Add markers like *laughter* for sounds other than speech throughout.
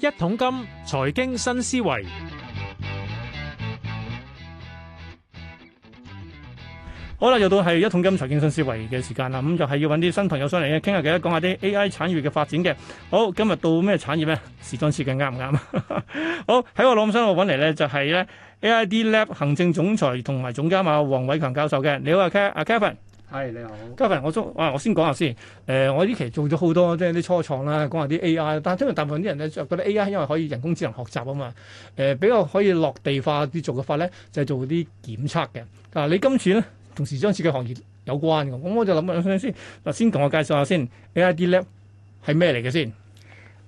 一桶金財經新思維，好啦，又到係一桶金財經新思維嘅時間啦。咁就係要揾啲新朋友上嚟咧，傾下偈，講下啲 AI 產業嘅發展嘅。好，今日到咩產業咧？時裝設計啱唔啱？好喺我腦咁深，我揾嚟咧就係咧 AID Lab 行政總裁同埋總監啊，黃偉強教授嘅。你好啊，K 啊，Kevin。係你好，嘉煇、呃，我中我先講下先。誒，我呢期做咗好多即係啲初創啦，講下啲 AI。但係聽聞大部分啲人咧覺得 AI 因為可以人工智能學習啊嘛，誒、呃、比較可以落地化啲做嘅法咧，就係、是、做啲檢測嘅。嗱，你今次咧同時裝設計行業有關嘅，咁、嗯、我就諗下先嗱，先同我介紹下先，AIDLab 係咩嚟嘅先？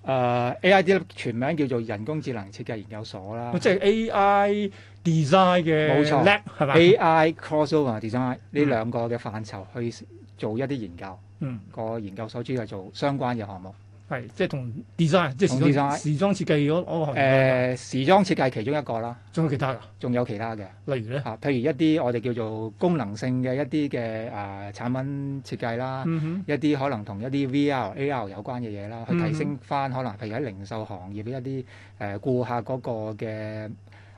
誒，AIDLab、uh, 全名叫做人工智能設計研究所啦。即係 AI。design 嘅叻，AI crossover design 呢兩個嘅範疇去做一啲研究。嗯，個研究所主要係做相關嘅項目，係即係同 design，即時裝時裝設計嗰個。誒，時裝設計其中一個啦。仲有其他噶？仲有其他嘅，例如咧，譬如一啲我哋叫做功能性嘅一啲嘅誒產品設計啦，一啲可能同一啲 VR、AR 有關嘅嘢啦，去提升翻可能譬如喺零售行業嘅一啲誒顧客嗰個嘅。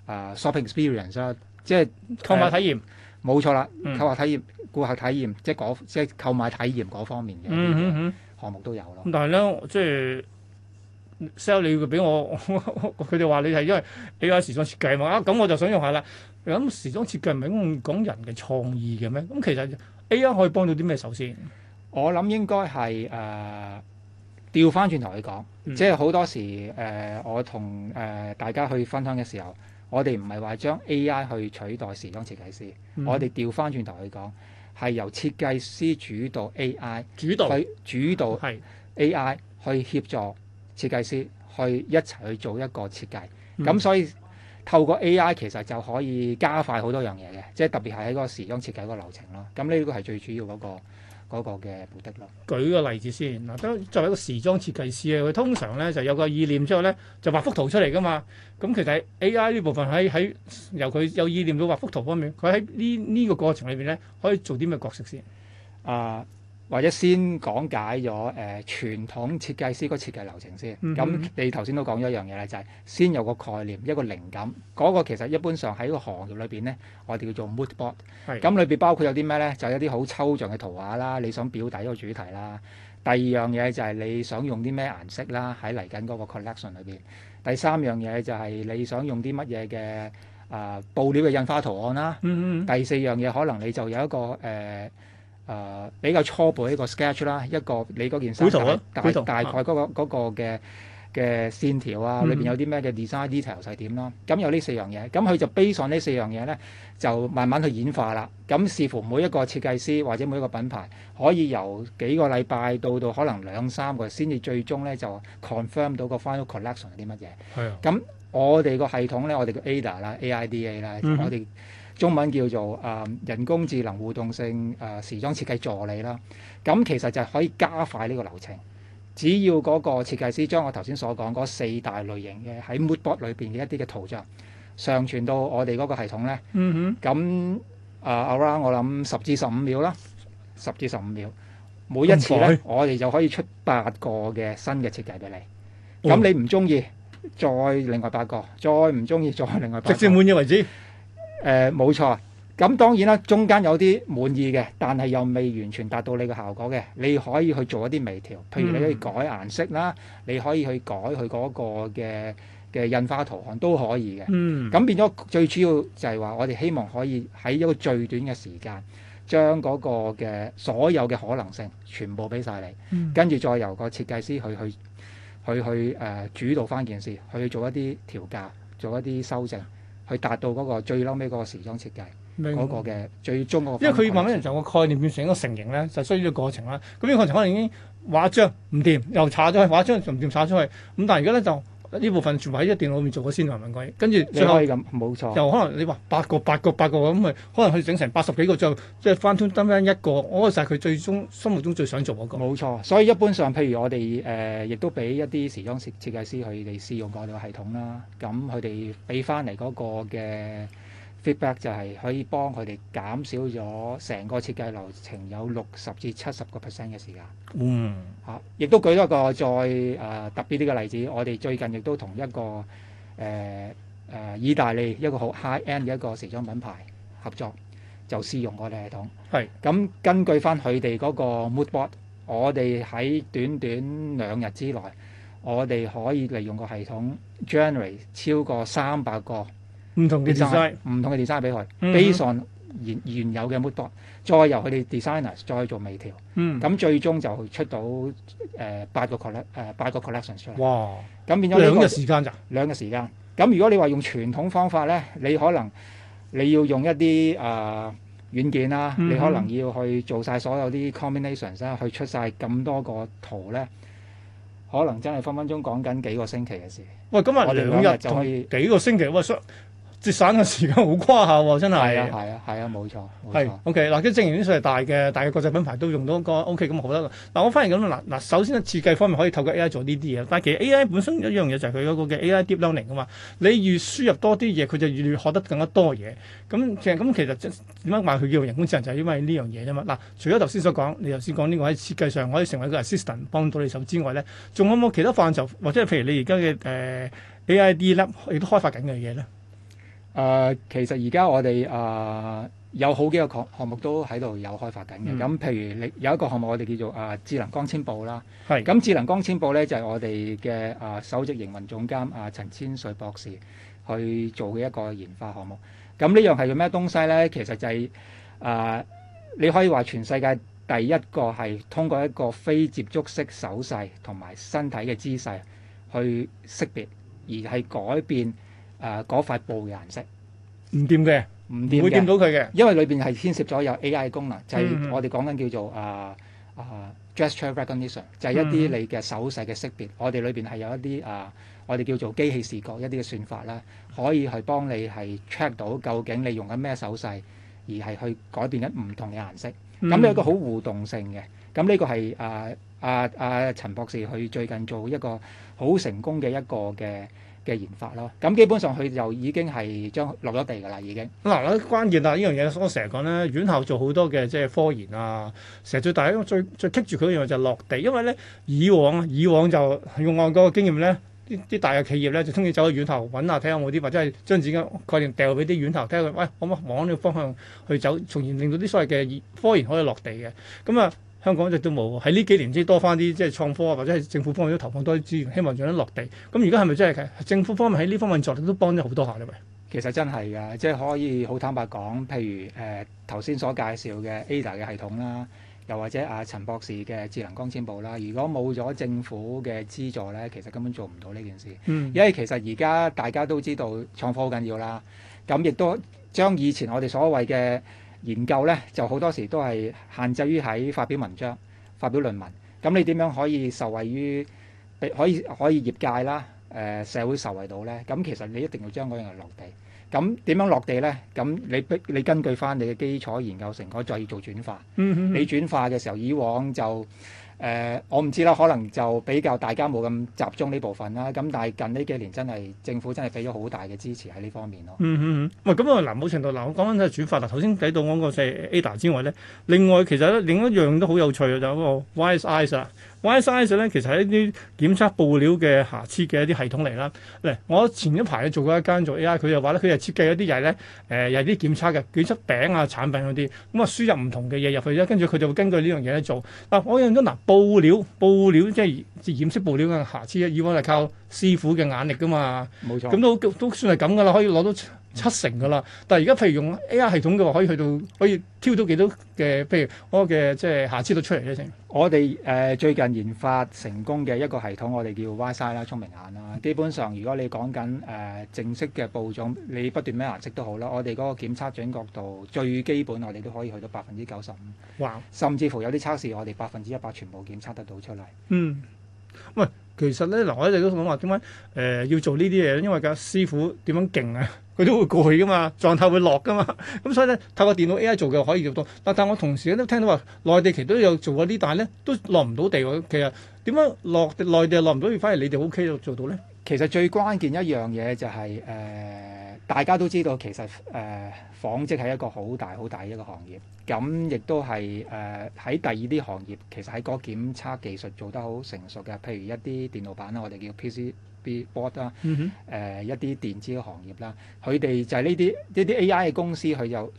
啊、uh，shopping experience 啦，即係購買體驗，冇、呃、錯啦，嗯、購買體驗、顧客體驗，即係即係購買體驗嗰方面嘅項目都有咯、嗯嗯嗯。但係咧，即係 sell me, *laughs* 你嘅俾我，佢哋話你係因為 A. I. 時裝設計嘛啊，咁我就想用下啦。咁時裝設計唔係講人嘅創意嘅咩？咁其實 A. I. 可以幫到啲咩？首先，我諗應該係誒調翻轉頭去講，呃來來嗯、即係好多時誒、呃、我同誒、呃、大家去分享嘅時候。我哋唔係話將 AI 去取代時裝設計師，嗯、我哋調返轉頭去講，係由設計師主導 AI，去主導係 AI 去協助設計師去一齊去做一個設計。咁、嗯、所以透過 AI 其實就可以加快好多樣嘢嘅，即係特別係喺個時裝設計個流程咯。咁呢個係最主要嗰、那個。嗰嘅目的，舉個例子先，嗱都作為一個時裝設計師咧，佢通常咧就有個意念之後咧，就畫幅圖出嚟噶嘛。咁其實 AI 呢部分喺喺由佢有意念到畫幅圖方面，佢喺呢呢個過程裏邊咧，可以做啲咩角色先？啊！Uh 或者先講解咗誒傳統設計師嗰設計流程先。咁、mm hmm. 你頭先都講咗一樣嘢啦，就係、是、先有個概念，一個靈感。嗰、那個其實一般上喺個行業裏邊咧，我哋叫做 mood board。咁裏邊包括有啲咩咧？就係一啲好抽象嘅圖畫啦，你想表達一個主題啦。第二樣嘢就係你想用啲咩顏色啦，喺嚟緊嗰個 collection 裏邊。第三樣嘢就係你想用啲乜嘢嘅啊布料嘅印花圖案啦。Mm hmm. 第四樣嘢可能你就有一個誒。呃誒、呃、比較初步一個 sketch 啦，一個你嗰件衫大、啊、大，大概嗰、那個嘅嘅、啊、線條啊，裏邊有啲咩嘅 design detail 係點啦？咁、嗯、有呢四樣嘢，咁佢就 based on 呢四樣嘢咧，就慢慢去演化啦。咁視乎每一個設計師或者每一個品牌，可以由幾個禮拜到到可能兩三個月先至最終咧就 confirm 到個 final collection 係啲乜嘢。係啊。咁我哋個系統咧，我哋叫 ADA 啦，AIDA 啦，嗯、我哋。中文叫做誒人工智能互動性誒時裝設計助理啦，咁其實就係可以加快呢個流程。只要嗰個設計師將我頭先所講嗰四大類型嘅喺 Moodboard 裏邊嘅一啲嘅圖像上傳到我哋嗰個系統咧，咁啊，around，我諗十至十五秒啦，十至十五秒，每一次咧我哋就可以出八個嘅新嘅設計俾你。咁你唔中意，再另外八個，再唔中意，再另外八個，直至滿意為止。誒冇、呃、錯，咁當然啦，中間有啲滿意嘅，但係又未完全達到你嘅效果嘅，你可以去做一啲微調，譬如你可以改顏色啦，嗯、你可以去改佢嗰個嘅嘅印花圖案都可以嘅。嗯，咁變咗最主要就係話，我哋希望可以喺一個最短嘅時間，將嗰個嘅所有嘅可能性全部俾晒你，跟住再由個設計師去去去去誒、呃、主導翻件事，去做一啲調校，做一啲修正。去達到嗰個最嬲尾嗰個時裝設計嗰白個嘅最終個。因為佢要慢慢由個概念變成一個成形咧，就是、需要個過程啦。咁呢個過程可能已經畫一張唔掂，又炒咗去畫一張唔掂，炒出去。咁但係而家咧就～呢部分全部喺啲電腦入面做過先嚟揾鬼，跟住最後冇錯，就可，可能你話八個八個八個咁咪，可能佢整成八十幾個，就即係翻通登登翻一個，我個就係佢最終心目中最想做嗰個。冇錯，所以一般上，譬如我哋誒、呃、亦都俾一啲時裝設設計師佢哋試用過呢個系統啦，咁佢哋俾翻嚟嗰個嘅。Feedback 就係可以幫佢哋減少咗成個設計流程有六十至七十個 percent 嘅時間。嗯、mm. 啊，嚇，亦都舉多一個再誒、呃、特別啲嘅例子，我哋最近亦都同一個誒誒、呃呃、意大利一個好 high end 嘅一個時裝品牌合作，就試用個系統。係是，咁根據翻佢哋嗰個 Moodboard，我哋喺短短兩日之內，我哋可以利用個系統 generate 超過三百個。唔同嘅 design，唔同嘅 design 俾佢，base on 原原有嘅 model 再由佢哋 designers 再做微調，咁最終就出到誒八個 collection，八個 collection 出嚟。哇！咁變咗兩日時間咋？兩日時間。咁如果你話用傳統方法咧，你可能你要用一啲誒軟件啦，你可能要去做晒所有啲 combinations，去出晒咁多個圖咧，可能真係分分鐘講緊幾個星期嘅事。喂，今日我哋兩日就可以幾個星期？節省嘅時間好誇下喎、啊，真係係啊，係啊，冇、啊、錯，係 OK 嗱。即正如呢啲數係大嘅，但係國際品牌都用到個 OK 咁好得。嗱，我反而咁啦，嗱，首先喺設計方面可以透過 AI 做呢啲嘢。但係其實 AI 本身一樣嘢就係佢嗰個嘅 AI deep learning 啊嘛。你越輸入多啲嘢，佢就越,越學得更加多嘢。咁其實咁其實點解話佢叫人工智能就係、是、因為呢樣嘢啫嘛。嗱，除咗頭先所講，你頭先講呢個喺設計上可以成為一個 assistant 幫到你手之外咧，仲有冇其他範疇或者係譬如你而家嘅誒 Aidlab 亦都開發緊嘅嘢咧？誒、呃，其實而家我哋誒、呃、有好幾個項項目都喺度有開發緊嘅。咁、嗯、譬如你有一個項目，我哋叫做誒、呃、智能光纖布啦。係是。咁智能光纖布呢，就係、是、我哋嘅誒首席營運總監啊、呃、陳千穗博士去做嘅一個研發項目。咁呢樣係用咩東西呢？其實就係、是、誒、呃，你可以話全世界第一個係通過一個非接觸式手勢同埋身體嘅姿勢去識別，而係改變。誒嗰、啊、塊布嘅顏色，唔掂嘅，唔掂，會掂到佢嘅，因為裏邊係牽涉咗有 AI 功能，就係、是、我哋講緊叫做誒誒、呃啊、gesture recognition，就係一啲你嘅手勢嘅識別。我哋裏邊係有一啲誒，我哋叫做機器視覺一啲嘅算法啦，可以去幫你係 check 到究竟你用緊咩手勢，而係去改變緊唔同嘅顏色。咁呢、嗯、個好互動性嘅，咁呢個係誒誒誒陳博士佢最近做一個好成功嘅一個嘅嘅研發咯，咁基本上佢就已經係將落咗地㗎啦，已經嗱、啊，關鍵啦呢樣嘢，我成日講咧，院校做好多嘅即係科研啊，成日最大，最最因最最棘住佢一樣嘢就係落地，因為咧以往以往就用我個經驗咧，啲大嘅企業咧，就鍾意走去院校揾下睇下有冇啲，或者係將自己嘅概念掉俾啲院校睇下佢，喂、哎，可唔可以往呢個方向去走，從而令到啲所謂嘅科研可以落地嘅，咁啊。香港一直都冇喺呢幾年先多翻啲，即係創科或者係政府方面都投放多啲資源，希望做得落地。咁而家係咪真係政府方面喺呢方面作力，都幫咗好多下咧？咪其實真係㗎，即係可以好坦白講，譬如誒頭先所介紹嘅 Ada 嘅系統啦，又或者阿陳博士嘅智能光纖布啦，如果冇咗政府嘅資助呢，其實根本做唔到呢件事。嗯，因為其實而家大家都知道創科好緊要啦，咁亦都將以前我哋所謂嘅。研究呢就好多時都係限制於喺發表文章、發表論文。咁你點樣可以受惠於，可以可以業界啦、誒、呃、社會受惠到呢？咁其實你一定要將嗰樣嘢落地。咁點樣落地呢？咁你你根據翻你嘅基礎研究成果再做轉化。嗯嗯嗯你轉化嘅時候，以往就。誒、呃，我唔知啦，可能就比較大家冇咁集中呢部分啦。咁但係近呢幾年真係政府真係俾咗好大嘅支持喺呢方面咯。嗯嗯，喂咁啊，嗱，某程度嗱，我講緊都係轉發嗱。頭先睇到我個四 Ada 之外咧，另外其實咧另一樣都好有趣嘅就係、是、嗰個 Wise Eyes 啦。玩 size 咧，其實係一啲檢測布料嘅瑕疵嘅一啲系統嚟啦。嗱，我前一排做過一間做 AI，佢就話咧，佢係設計一啲嘢咧，誒係啲檢測嘅檢測餅啊產品嗰啲，咁啊輸入唔同嘅嘢入去咧，跟住佢就會根據呢樣嘢咧做。嗱、啊，我認真嗱布料布料即係染色布料嘅瑕疵，以往係靠師傅嘅眼力噶嘛，冇錯，咁都都算係咁噶啦，可以攞到。七成噶啦，但係而家譬如用 A.R. 系統嘅話，可以去到可以挑到幾多嘅譬如我嘅即係瑕疵都出嚟咧成。我哋誒、呃、最近研發成功嘅一個系統，我哋叫 Y Sight 啦，聰明眼啦。基本上如果你講緊誒正式嘅步種，你不論咩顏色都好啦，我哋嗰個檢測準確度最基本我哋都可以去到百分之九十五。Wow 甚至乎有啲測試我哋百分之一百全部檢測得到出嚟。嗯。喂，其實咧，嗱，我一直都想話點解誒要做呢啲嘢，因為架師傅點樣勁啊，佢都會攰噶嘛，狀態會落噶嘛，咁、嗯、所以咧，透過電腦 AI 做嘅可以做到。但係我同時都聽到話內地其實都有做過嗰啲，但係咧都落唔到地喎。其實點解落內地落唔到，反而你哋 O K 就做到咧？其實最關鍵一樣嘢就係、是、誒。呃大家都知道，其實誒、呃、紡織係一個好大好大嘅一個行業。咁亦都係誒喺第二啲行業，其實喺個檢測技術做得好成熟嘅，譬如一啲電腦板，啦，我哋叫 P C B board 啦、呃，誒一啲電子嘅行業啦，佢哋就係呢啲呢啲 A I 嘅公司，佢就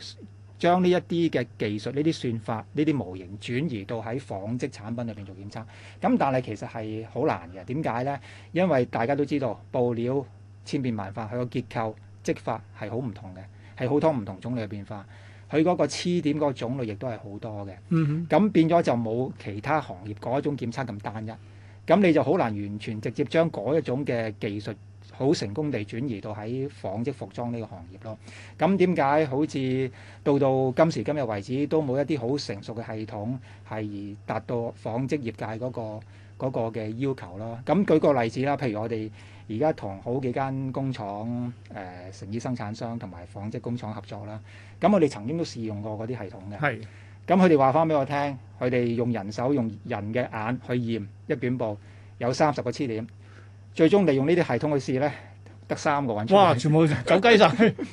將呢一啲嘅技術、呢啲算法、呢啲模型轉移到喺紡織產品裏邊做檢測。咁但係其實係好難嘅，點解呢？因為大家都知道布料千變萬化，佢個結構。織法係好唔同嘅，係好多唔同種類嘅變化。佢嗰個黐點嗰個種類亦都係好多嘅。嗯咁變咗就冇其他行業嗰一種檢測咁單一。咁你就好難完全直接將嗰一種嘅技術好成功地轉移到喺紡織服裝呢個行業咯。咁點解好似到到今時今日為止都冇一啲好成熟嘅系統係而達到紡織業界嗰個、嗰個嘅要求啦？咁舉個例子啦，譬如我哋。而家同好幾間工廠誒、呃、成衣生產商同埋紡織工廠合作啦，咁我哋曾經都試用過嗰啲系統嘅。係是，咁佢哋話翻俾我聽，佢哋用人手用人嘅眼去驗一卷布有三十個黐點，最終利用呢啲系統去試呢，得三個揾。哇！全部走雞曬。 *laughs* *laughs*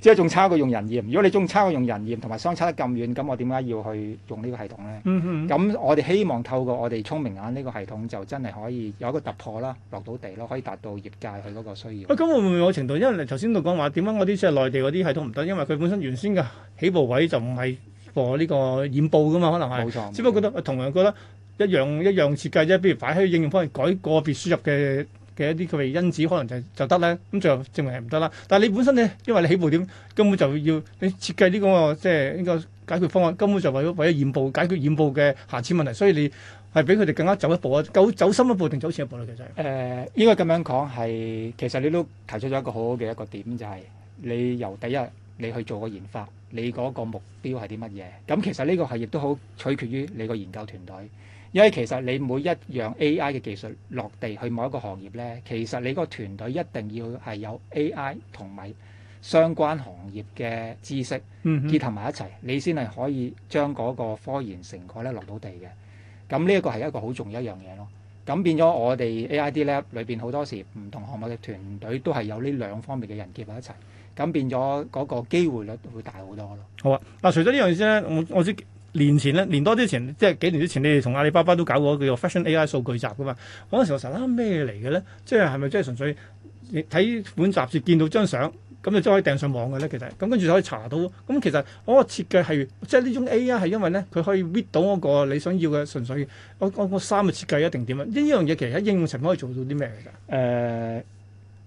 即係仲差過用人驗，如果你仲差過用人驗，同埋相差得咁遠，咁我點解要去用呢個系統咧？咁、嗯哼嗯、我哋希望透過我哋聰明眼呢個系統，就真係可以有一個突破啦，落到地咯，可以達到業界佢嗰個需要。喂、嗯，咁會唔會有程度？因為你頭先講話點解我啲即係內地嗰啲系統唔得？因為佢本身原先嘅起步位就唔係 for 呢個驗布㗎嘛，可能係。錯只不過覺得，錯同樣覺得一樣一樣設計啫。譬如擺喺應用方面改個別輸入嘅。嘅一啲佢哋因子可能就就得咧，咁最後證明係唔得啦。但係你本身咧，因為你起步點根本就要你設計呢、這、咁個即係呢個解決方案，根本就為咗為咗驗步解決驗步嘅瑕疵問題，所以你係比佢哋更加走一步啊！走走深一步定走淺一步咧？其實誒，應該咁樣講係，其實你都提出咗一個好好嘅一個點，就係、是、你由第一你去做個研發，你嗰個目標係啲乜嘢？咁其實呢個係亦都好取決於你個研究團隊。因為其實你每一樣 AI 嘅技術落地去某一個行業呢，其實你嗰個團隊一定要係有 AI 同埋相關行業嘅知識結合埋一齊，嗯、哼你先係可以將嗰個科研成果咧落到地嘅。咁呢一個係一個好重要一樣嘢咯。咁變咗我哋 Aidlab 裏邊好多時唔同項目嘅團隊都係有呢兩方面嘅人結合一齊，咁變咗嗰個機會率會大好多咯。好啊！嗱，除咗呢樣嘢先咧，我我知。年前咧，年多之前，即係幾年之前，你哋同阿里巴巴都搞過一個叫做 Fashion AI 數據集，噶嘛？嗰陣時候我成日諗咩嚟嘅咧？即係係咪即係純粹你睇本雜誌見到張相，咁就即可以掟上網嘅咧？其實咁跟住就可以查到。咁其實嗰個設計係即係呢種 AI 係因為咧佢可以 read 到嗰個你想要嘅，純粹我我三個衫嘅設計一定點啊？呢樣嘢其實喺應用情況可以做到啲咩嚟㗎？呃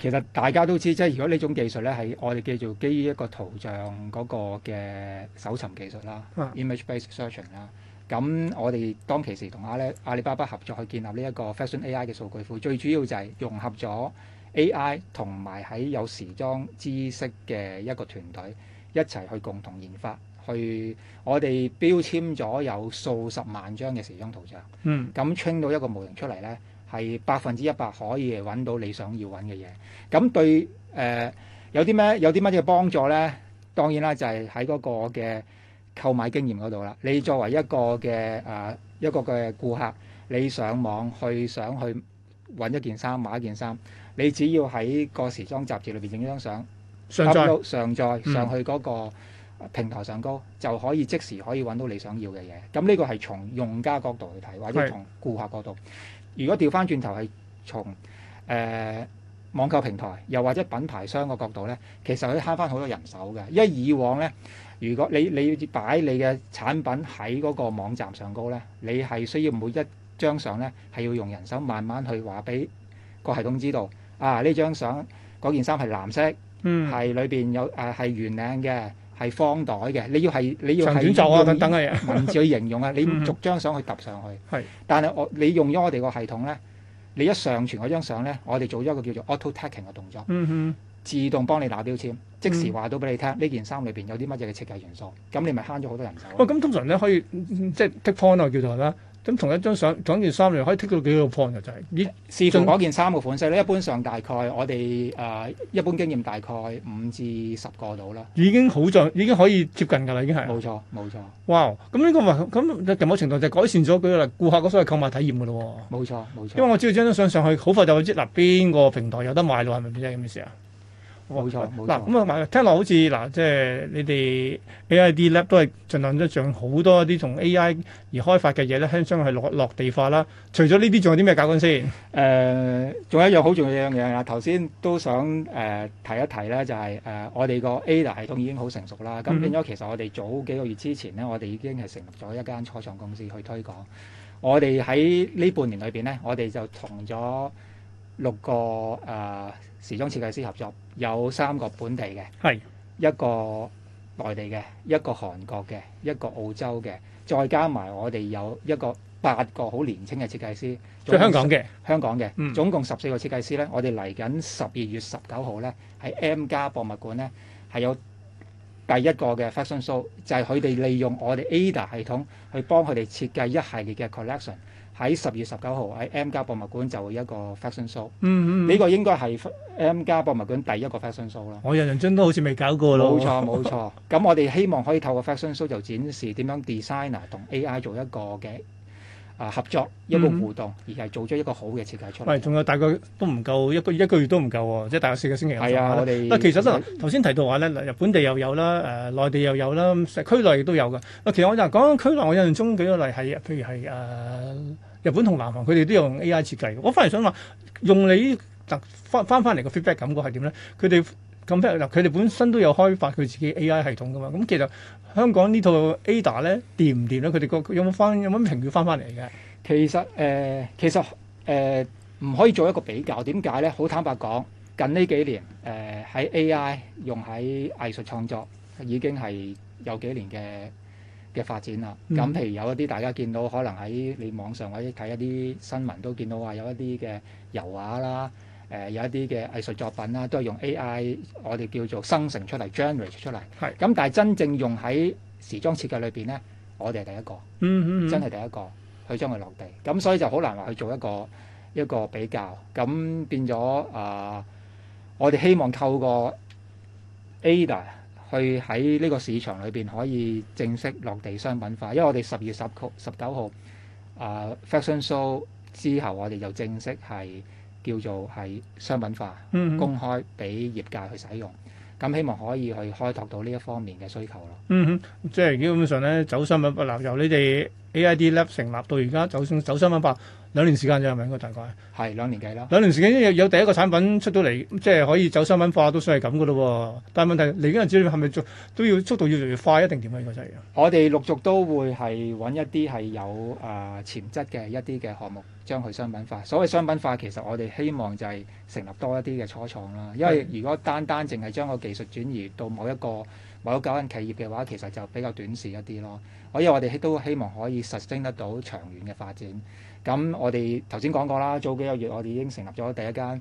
其實大家都知，即係如果呢種技術咧，係我哋叫做基於一個圖像嗰個嘅搜尋技術啦、啊、image-based searching 啦。咁我哋當其時同阿咧阿里巴巴合作去建立呢一個 fashion AI 嘅數據庫，最主要就係融合咗 AI 同埋喺有時裝知識嘅一個團隊一齊去共同研發，去我哋標籤咗有數十萬張嘅時裝圖像。嗯，咁 train 到一個模型出嚟咧。係百分之一百可以揾到你想要揾嘅嘢。咁對誒、呃、有啲咩有啲乜嘢幫助呢？當然啦，就係喺嗰個嘅購買經驗嗰度啦。你作為一個嘅誒、啊、一個嘅顧客，你上網去想去揾一件衫買一件衫，你只要喺個時裝雜誌裏邊影張相，上載、上載、嗯、上去嗰個平台上高，就可以即時可以揾到你想要嘅嘢。咁呢個係從用家角度去睇，或者從顧客角度。如果調翻轉頭係從誒、呃、網購平台，又或者品牌商個角度呢，其實佢慳翻好多人手嘅。因為以往呢，如果你你要擺你嘅產品喺嗰個網站上高呢，你係需要每一張相呢，係要用人手慢慢去話俾個系統知道啊，呢張相嗰件衫係藍色，係裏邊有誒係圓領嘅。呃係方袋嘅，你要係你要係嘅文字去形容啊， *laughs* 你逐張相去揼上去。係、嗯哼，但係我你用咗我哋個系統咧，你一上傳嗰張相咧，我哋做咗一個叫做 auto tagging 嘅動作，嗯、哼自動幫你打標籤，即時話到俾你聽，呢、嗯、件衫裏邊有啲乜嘢嘅設計元素。咁你咪慳咗好多人手。喂、哦，咁通常咧可以、嗯、即係 take photo 叫做啦。咁同一張相講件衫嚟，可以剔到幾個 point，就係，你試穿嗰件衫嘅款式咧，一般上大概我哋誒、uh, 一般經驗大概五至十個度啦。已經好在，已經可以接近㗎啦，已經係。冇錯，冇錯。哇、wow, 這個！咁呢個咪咁，任何程度就改善咗佢啦。顧客嗰個所謂購物體驗㗎咯喎。冇錯，冇錯。因為我只要將張相上去，好快就會知嗱邊個平台有得賣咯，係咪先？咁嘅意思啊？冇錯，嗱咁啊，同聽落好似嗱，即係、就是、你哋 A I D Lab 都係盡量都上好多啲同 A I 而開發嘅嘢咧，係將落落地化啦。除咗呢啲，仲有啲咩搞緊先？誒，仲有一樣好重要嘅樣嘢啊！頭先都想誒、呃、提一提咧、就是，就係誒我哋個 AiDA 系統已經好成熟啦。咁變咗，其實我哋早幾個月之前呢，我哋已經係成立咗一間初創公司去推廣。我哋喺呢半年裏邊呢，我哋就同咗六個誒。呃時裝設計師合作有三個本地嘅，是一個內地嘅，一個韓國嘅，一個澳洲嘅，再加埋我哋有一個八個好年輕嘅設計師。最香港嘅，香港嘅，嗯、總共十四個設計師呢，我哋嚟緊十二月十九號呢，喺 M+ 博物館呢，係有第一個嘅 fashion show，就係佢哋利用我哋 Ada 系統去幫佢哋設計一系列嘅 collection。喺十月十九號喺 M+ 博物館就會一個 fashion show，呢、嗯嗯、個應該係 M+ 博物館第一個 fashion show 啦。我印象中都好似未搞過咯。冇錯冇錯，咁 *laughs* 我哋希望可以透過 fashion show 就展示點樣 designer 同 AI 做一個嘅。合作一個互動，而係做咗一個好嘅設計出嚟。喂、嗯，仲有大概都唔夠一個月一個月都唔夠喎，即係大概四個星期。係啊，啊我哋嗱，其實頭先提到話咧，日本地又有啦，誒、呃，內地又有啦，區內亦都有嘅。其實我就講區內，我印象中幾個例係，譬如係誒，日本同南韓，佢哋都用 A I 設計。我翻嚟想話，用你特翻翻翻嚟個 feedback 感覺係點咧？佢哋。咁咧，嗱佢哋本身都有開發佢自己 AI 系統噶嘛，咁其實香港呢套 Ada 咧掂唔掂咧？佢哋個有冇翻有冇評語翻翻嚟嘅？其實誒其實誒唔可以做一個比較，點解咧？好坦白講，近呢幾年誒喺、呃、AI 用喺藝術創作已經係有幾年嘅嘅發展啦。咁、嗯、譬如有一啲大家見到，可能喺你網上或者睇一啲新聞都見到話有一啲嘅油畫啦。誒、呃、有一啲嘅藝術作品啦，都係用 AI，我哋叫做生成出嚟 generate 出嚟。係是。咁但係真正用喺時裝設計裏邊咧，我哋係第一個，嗯，嗯嗯，真係第一個去將佢落地。咁所以就好難話去做一個一個比較。咁變咗啊、呃，我哋希望透過 Ada 去喺呢個市場裏邊可以正式落地商品化，因為我哋十月十號、十九號啊 Fashion Show 之後，我哋就正式係。叫做係商品化，公開俾業界去使用，咁希望可以去開拓到呢一方面嘅需求咯。嗯哼，即係基本上咧走商品化，嗱，由你哋 A I D Lab 成立到而家走走商品化，兩年時間啫，係咪應該大概？係兩年幾啦。兩年時間有有第一個產品出到嚟，即係可以走商品化，都算係咁嘅咯。但係問題嚟緊，唔知係咪做都要速，要速度越嚟越快，一定點樣？應該就係我哋陸續都會係揾一啲係有誒潛質嘅一啲嘅項目，將佢商品化。所謂商品化，其實我哋希望就係成立多一啲嘅初創啦。因為如果單單淨係將個技術轉移到某一個。為咗個人企業嘅話，其實就比較短視一啲咯。所以我因為我哋都希望可以實踐得到長遠嘅發展。咁我哋頭先講過啦，早幾個月我哋已經成立咗第一間誒、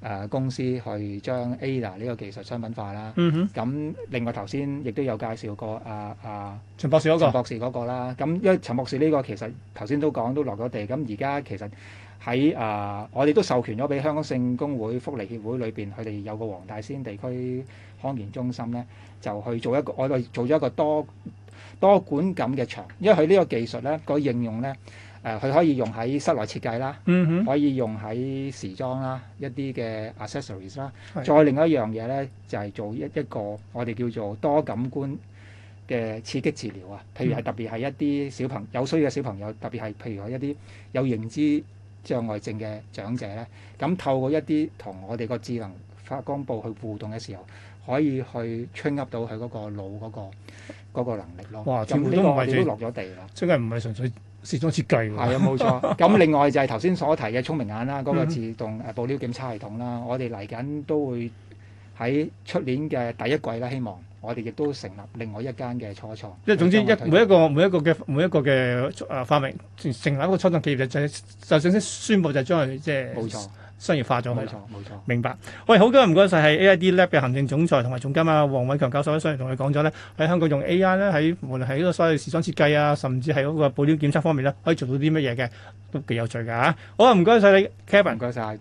呃、公司去將 AiDA 呢個技術商品化啦。嗯，咁哼另外頭先亦都有介紹過啊，啊陳博士嗰、嗰個啦。咁因為陳博士呢個其實頭先都講都落咗地，咁而家其實喺誒、呃、我哋都授權咗俾香港聖公會福利協會裏邊，佢哋有個黃大仙地區。康健中心咧就去做一個，我哋做咗一個多多管咁嘅牆，因為佢呢個技術咧個應用咧誒，佢、呃、可以用喺室內設計啦，嗯、哼可以用喺時裝啦，一啲嘅 accessories 啦。的再另一樣嘢咧，就係、是、做一一個我哋叫做多感官嘅刺激治療啊。譬如係特別係一啲小朋友有需要嘅小朋友，特別係譬如話一啲有認知障礙症嘅長者咧，咁透過一啲同我哋個智能發光部去互動嘅時候。可以去 train up 到佢嗰個腦嗰個嗰個能力咯。哇！全部都唔係都落咗地啦。真係唔係純粹時裝設計喎。係 *laughs* 啊，冇錯。咁另外就係頭先所提嘅聰明眼啦，嗰、嗰個自動誒布料檢測系統啦，嗯、哼我哋嚟緊都會喺出年嘅第一季啦，希望我哋亦都成立另外一間嘅初創。即係總之一每一個每一個嘅每一個嘅誒發明成立一個初創企業就係、就正、是、先宣布就將佢即係冇錯。商業化咗，冇錯，冇錯，明白。喂，好嘅，唔該晒，係 A I D Lab 嘅行政總裁同埋總監啊，黃偉強教授咧，雖然同你講咗咧，喺香港用 A I 咧，喺無論喺嗰個所謂時裝設計啊，甚至係嗰個布料檢測方面咧，可以做到啲乜嘢嘅，都幾有趣㗎嚇、啊。好啊，唔該晒你，Kevin，唔該晒。